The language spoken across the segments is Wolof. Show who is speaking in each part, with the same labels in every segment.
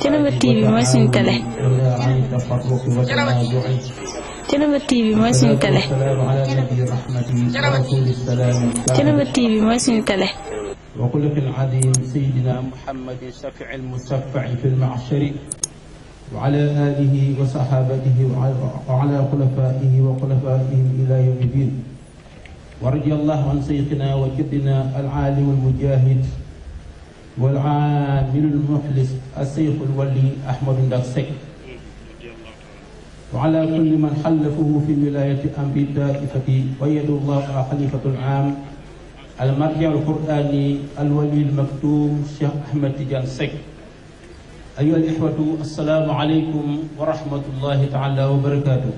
Speaker 1: Thiénaba TV mooy suñu télé. Thiénaba TV mooy suñu télé. Thiénaba TV mooy suñu télé.
Speaker 2: وقل في العظيم سيدنا محمد الشفع المشفع في المعشر وعلى آله وصحابته وعلى خلفائه وخلفائهم إلى يوم الدين ورضي الله عن سيدنا وجدنا العالم المجاهد wal aamilul muxlis aseyxul wali Ahmadou Ndack Seck wa ala kulli man xallafahu fi wilayati amri daaifati wa yadu llah xalifatul aam almarja alqurani alwali almaktum Cheikh Ahmed Tidiane Seck ayoha alixwatu assalaamu aleykum wa rahmatullahi taala wa barakatuh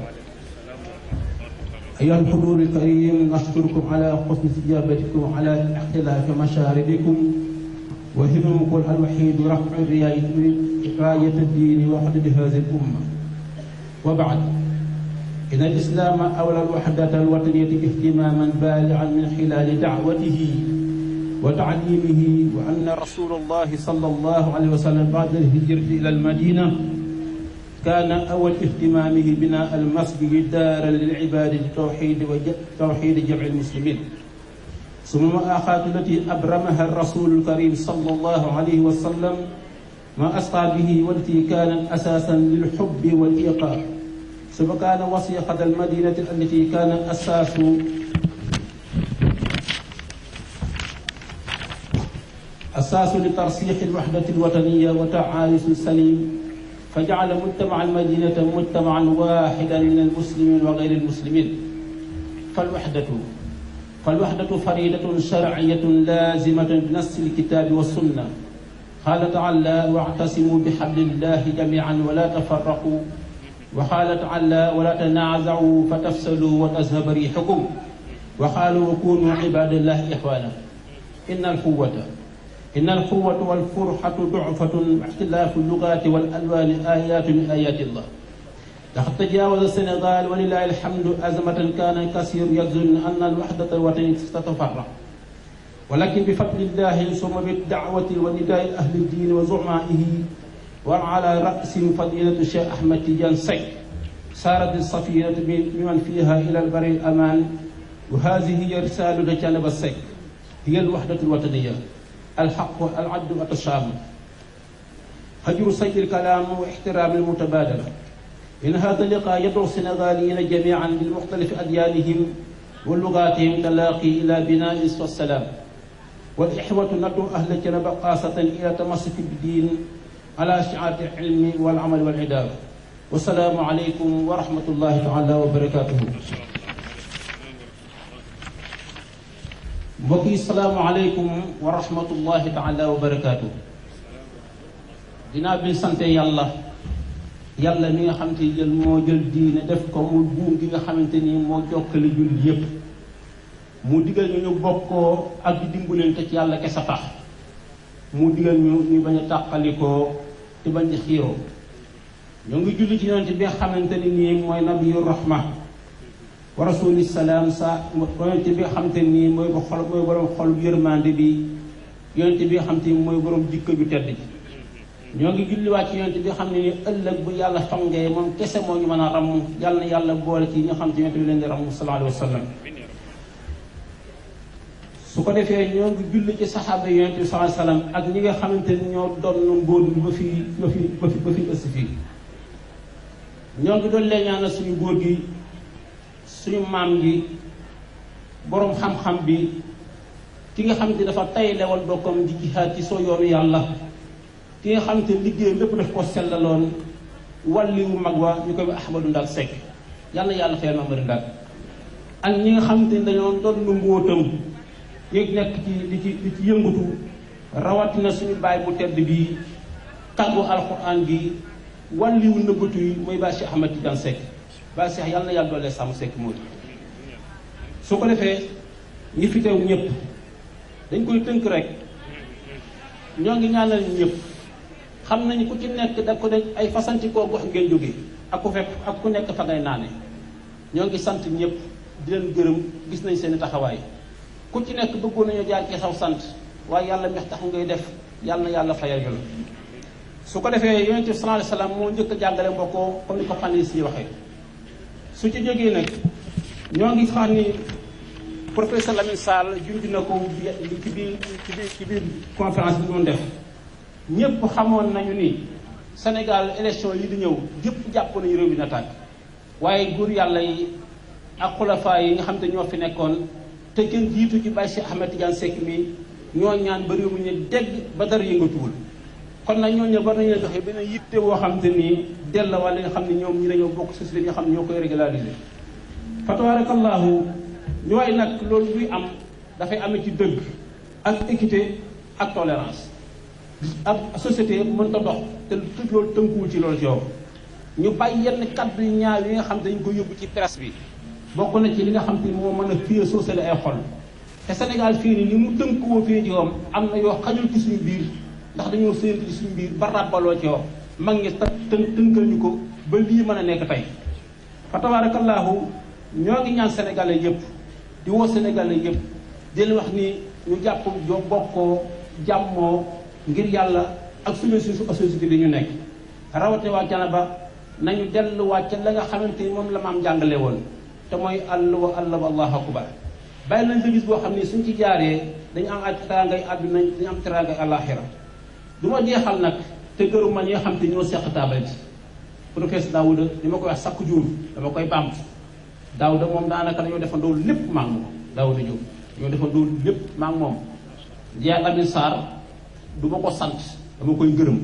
Speaker 2: ayoha alxudur alkarim nashkurukum ala xusni ijabatikum ala ixtilaafi mashaaribikum وجنوك الوحيد رفع الراية راية الدين وحدة هذه الأمة وبعد إن الإسلام أولى الوحدة الوطنية اهتماما بالغا من خلال دعوته وتعليمه وأن رسول الله صلى الله عليه وسلم بعد الهجرة إلى المدينة كان أول اهتمامه بناء المسجد دارا للعباد التوحيد وتوحيد جمع المسلمين suma wa axaatu lati abramaha rasulu lkarim sallallahu alayhi wa sallam ma asqa bihi walti kaanat asaasan lilxubbi wal iqaab suma kaana wasiqata almadinati allati kaana asaasu asaasu li tarsixi alwaxdati alwataniya wa taayusu salim fa jacala mujtamaca almadinata mujtamacan waaxidan min almuslimin wa gayri almuslimin falwaxdatu فالوحدة فريدة شرعية لازمة بنص الكتاب والسنة قال تعالى واعتصموا بحبل الله جميعا ولا تفرقوا وقال تعالى ولا تنازعوا فتفسدوا وتذهب ريحكم وقالوا كونوا عباد الله إخوانا إن القوة إن القوة والفرحة ضعفة واختلاف اللغات والألوان آيات من آيات الله لقد تجاوز السنغال ولله الحمد أزمة كان كثير يظن أن الوحدة الوطنية ستتفرق ولكن بفضل الله ثم بالدعوة ونداء أهل الدين وزعمائه وعلى رأس فضيلة الشيخ أحمد تيجان سي سارت السفينة بمن فيها إلى البر الأمان وهذه هي رسالة جانب السيك هي الوحدة الوطنية الحق العدل والتشامل هجر سيد الكلام واحترام المتبادله من هذا اللقاء يدعو السنغاليين جميعا من مختلف أديانهم ولغاتهم تلاقي إلى بناء والسلام والإخوة ندعو أهل الجنوب خاصة إلى تمسك بالدين على شعار العلم والعمل والعدالة والسلام عليكم ورحمة الله تعالى وبركاته mbokk yi salaamaaleykum wa rahmatullahi taala wa barakaatu dinaa bi sante yàlla yàlla mi nga xamante ni jël moo jël diine def ko muy buum gi nga xamante ni moo jokkale jul yépp mu digal ñu ñu bokkoo ak di dimbalante ci yàlla kese tax mu digal ñu ñu bañ a tàqalikoo te bañ a xiiroo ñu ngi julli ci yonent bi nga xamante ni nii mooy nabiyu rahma wa rasuli salaam sa yonent bi nga nii mooy ba xol mooy borom bi yonent mooy borom jikko ju tedd ji ñoo ngi julliwaat ci yonent bi xam ne ni ëllëg bu yàlla songee moom kese moo ñu mën a ramm yàlla yàlla boole ci ñu xam ci yonent bi leen di ramm sallallahu alayhi wa sallam ko defee ñoo ngi ci saxaaba yonent bi ak ñi nga xamante ni ñoo doon mbóot bi ba fi ba fi ba fi ba fii ñoo ngi doon leen ñaanal suñu góor gi suñu maam gi boroom xam-xam bi ki nga xam ne dafa tayle lewal bokkam di jihaad ci soo yoonu yàlla ki nga xam te liggéey lépp daf ko sellaloon wàlliwu mag wa ñu koy Ahmadou Ndack Seck yàlla yàlla xëy na Ahmadou ak ñi nga xam te ne dañoo doon lu mbóotam nekk ci di ci di ci yëngatu rawatina suñu baay mu tedd bii kàggu alxuraan gi wàlliwu nëbbatu yi mooy Baay Cheikh Ahmad Tidiane Seck Baay Cheikh yàlla na yàlla doole sàmm Seck moo su ko defee ngi fi teew dañ koy tënk rek ñoo ngi ñaanal ñëpp. xam nañ ku ci nekk da ko dañ ay fasantikoo gox ngay jógee ak ku fekk ak ku nekk fa ngay naane ñoo ngi sant ñépp di leen gërëm gis nañ seen taxawaay ku ci nekk bëggoon nañoo jaar ci saw sant waaye yàlla mex tax ngay def yàlla na yàlla fayal yoon su ko defee yonent bi sallallahu alayhi wasallam moo njëkk jàngale mbokkoo comme ni ko panélistes yi waxee su ci jógee nag ñoo ngi xam ni professeur Lamine Sall junj na ko ci biir ci biir ci bi doon def ñëpp xamoon nañu ni Sénégal élection yi di ñëw yëpp jàpp nañu réew mi na tàkk waaye góor yàlla yi ak xulafaa yi nga xam te ñoo fi nekkoon te kenn jiitu ci Baye Cheikh Ahmed Tidiane Seck mi ñoo ñaan ba réew mi ñu dégg ba dara yëngatuwul kon nag ñooñu war nañu joxe beneen yitte boo xam te ni dell wala li xam ne ñoom ñi dañoo bokk xam ne ñoo koy régulariser fa tabarakallahu ñooy nag loolu buy am dafay amee ci dëgg ak équité ak tolérance ak société mënta dox te tout loolu tënkuwul ci loolu ci yow ñu bàyyi yenn kàddu ñaar yi nga xam dañ ko yóbbu ci presse bi bokk na ci li nga xam te moo mën a fiyee soosale ay xol te Sénégal fii ni li mu tënkuwoo fii ci am na yoo xajul ci suñu biir ndax dañoo séentu ci suñu biir ba ràbbaloo ci yow mag ñi tën tënkal ñu ko ba lii mën a nekk tey fa tabaarakallaahu ñoo ngi ñaan sénégalais yëpp di woo sénégalais yëpp di wax ni ñu jàpp joo bokkoo jàmmoo ngir yàlla ak suñu suñu société bi ñu nekk rawate waa Thiénaba nañu delluwaat ca la nga xamante ni moom la am jàngale woon te mooy àll wa àll wa allahu akbar bàyyi lañ fa gis boo xam ne suñ ci jaaree dañu am ay teraangay àdduna dañu am teraangay àllaaxira du ma jeexal nag te gëruma ñi nga xam te ñoo seq taabal ji professeur Daouda li ma koy wax sakku juur dama koy bàmtu da moom daanaka dañoo defandoo lépp maa ngi lépp maa ngi moom Ndiaye Amin Sarr du ma ko sant dama koy gërëm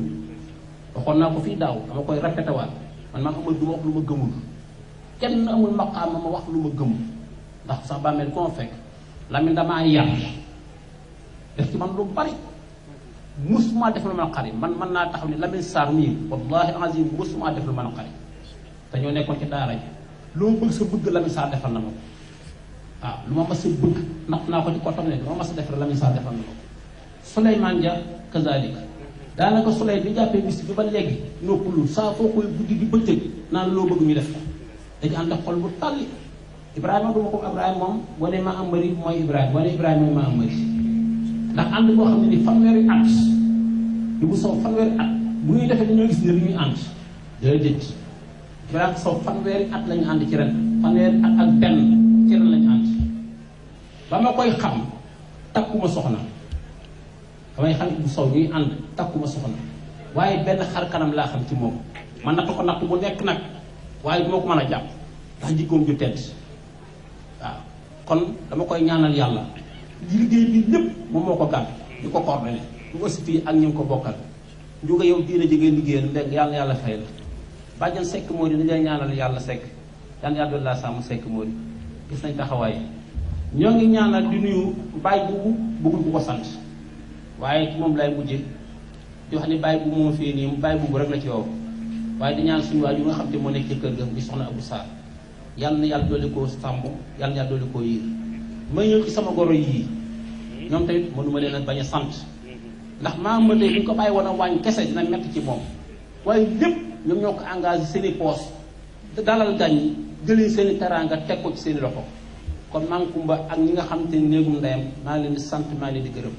Speaker 2: waxoon naa ko fii daaw dama koy répété waat man a amul du wax lu ma gëmul kenn amul maqaama ma wax lu ma gëmul ndax sax bàmmeel koo fekk Lamine damaa yar def ci man lu bari musuma def lu ma yi man mën naa taxaw ne Lamine Sarr mii wallahi azim musuma def lu ma naqari te ñoo nekkoon ci daara ji lu ma bëgg sa bëgg Lamine Sarr defal na ma ko waaw lu ma mas a bëgg naq naa ko ci kottam ne lu mas a defal Lamine Sarr defal na ma ko kazaalika daanaka soleil bi jàppee bis bi ba léegi noppalul saa foo koy guddi di bëccëg naan loo bëgg ñu def ko dañu ànd ak xol bu tàlli Ibrahima duma ko Ibrahima moom boo nee maa am mari mooy Ibrahima boo Ibrahima mooy maa am mari ndax ànd boo xam ne ni fanweeri at du bu sow fanweeri at bu ñuy defee dañoo gis ne ñuy ànd déedéet Ibrahima sow fanweeri at lañu ànd ci ren fanweeri at ak benn ci lañu ànd ba ma koy xam takkuma soxna damay xam Ibou Sow ñuy ànd takkuma soxna waaye benn xar kanam laa xam ci moom man natt ko natt bu nekk nag waaye du ma ko mën a jàpp ndax jikkoom ju tedd waaw kon dama koy ñaanal yàlla liggéey bi lépp moom moo ko gàtt di ko coordonné du aussi fii ak ñu ko bokkal njuga yow diina jege liggéeyal ndeg yàlla yàlla fay la bàjjan sekk moo di dañuy ñaanal yàlla sekk yàlla yàlla laa sàmm sekk moo di gis nañ taxawaay ñoo ngi ñaanal di nuyu waaye moom lay mujje di wax ni bàyyi bu moom fii nii bàyyi boobu rek la ci yow waaye di ñaan suñu waajur nga xam te moo nekk ci kër ga bi soxna Abou Sarr yàlla na yàlla doole koo sàmm yàlla na yàlla doole koo yiir may ñëw ci sama goro yii ñoom tamit mënuma leen a bañ a sant ndax maa ma tey ñu ko bàyyi woon a kese dina metti ci moom waaye lépp ñoom ñoo ko engage seen i poos dalal gan yi jëlee seen i teraanga teg ko ci seen i loxo kon man kumba ak ñi nga xam te néegum ndeyam maa leen di sant maa leen di gërëm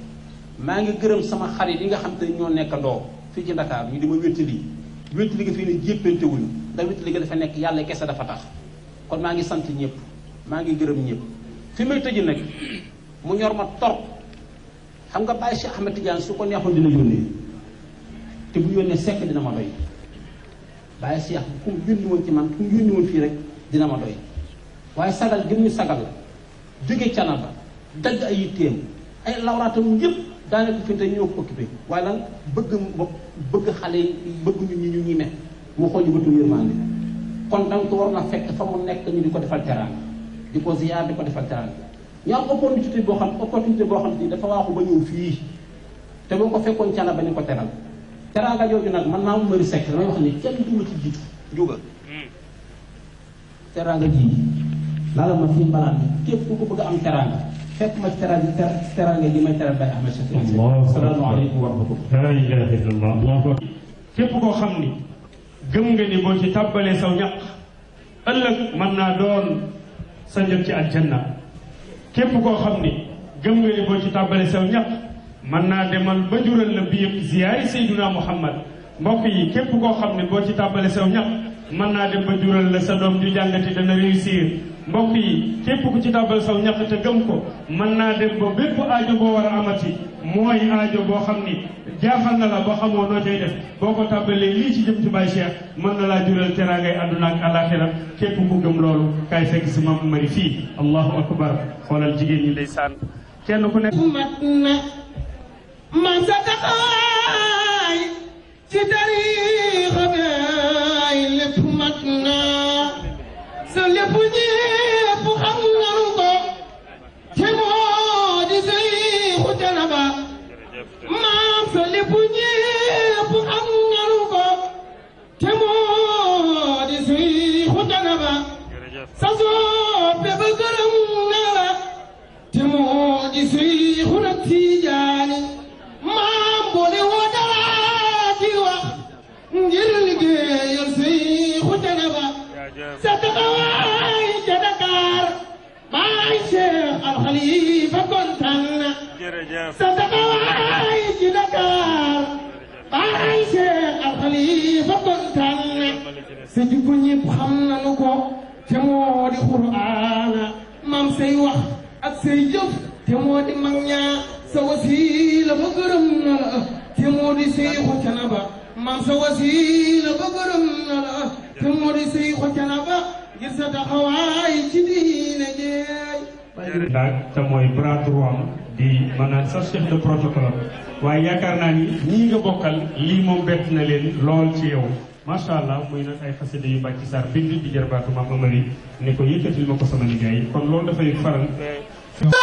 Speaker 2: maa ngi gërëm sama xar yi nga xam te ñoo nekk ndoo fii ci Ndakaar ñu di ma wéttali wéttali nga fii ne jéppante wuñu ndax wéttali nga dafa nekk yàlla kese dafa tax kon maa ngi sant ñëpp maa ngi gërëm ñëpp fi may tëj nag mu ñor ma torop xam nga Baye Cheikh Ahmed Tidiane su ko neexoon dina yónnee te bu yónnee sekk dina ma doy Baye Cheikh ku mu yónni woon ci man ku mu yónni fii rek dina ma doy waaye sagal gën ñu sagal la jóge canaba dagg ay yitteem ay lawraatam yëpp daanaka fi tey ñoo ko occupé waaye lan bëgg bopp bëgg xale yi bëgg ñu ñu ñu ñi woo mu xool ñu bëtu yërmande kon danga ko war na fekk fa mu nekk ñu di ko defal teraanga di ko ziyaar di ko defal teraanga ñu am boo xam opportunité boo xam ni dafa waaxu ba ñëw fii te boo ko fekkoon cana ba ñu ko teral teraanga jooju nag man maa mu mari sekk damay wax ni kenn duma ci jiitu juga teraanga ji laa la ma fii mbalaat bi képp ku ko bëgg am teraanga fekk ma teraanga teraanga ji ma teral bay Ahmed Shakir asalaamaaleykum képp koo xam ni gëm nga ni boo ci tàbbalee naa doon sa njot ci aljanna képp koo xam ni gëm nga ni boo ci tàbbalee saw ñaq man naa demal ba jural la bi ziyaari Seydina Muhammad mbokk yi képp koo xam ne boo ci tàbbale saw ñaq mën naa dem ba jural la sa doom ju jàngati dana réussir mbokk yi képp ku ci tàbbal saw ñaq te gëm ko mën naa dem ba bépp aajo boo war a amati mooy aajo boo xam ni jaaxal na la boo xamoo noo cay def boo ko tàbbalee lii ci jëm ci Baye Cheikh mën na laa jural teraangay àdduna ak àllaaxira képp ku gëm loolu kaay fekk si Mame Marie fii allahu akbar xoolal jigéen ñi lay ndeysaan
Speaker 1: kenn ku nekk man sa taxaay ci tariixa bi lépp mat na sasoo dafa gërëm ne la te moo na Tijaani maam bu ne woo dara di wax ngir sa taxawaay ca Dakar baay Seex Al Xalifa kontaan na sa taxawaay ko te moo di quraana maam say wax ak say jëf te di mag sa wasiila ba gërëm na la te moo di Seexu Canaba maam ba gërëm na la te ci diine jeey daag
Speaker 2: te mooy bras di maanaam sa de protocole waaye yaakaar naa ni ñii nga bokkal lii moom bett na leen lool ci yow macha allah mooy nag ay xasida yu bàcc saar
Speaker 1: bind di jarbaatu maam amari ne ko yëkkatil ma ko sama liggéey kon loolu dafay faral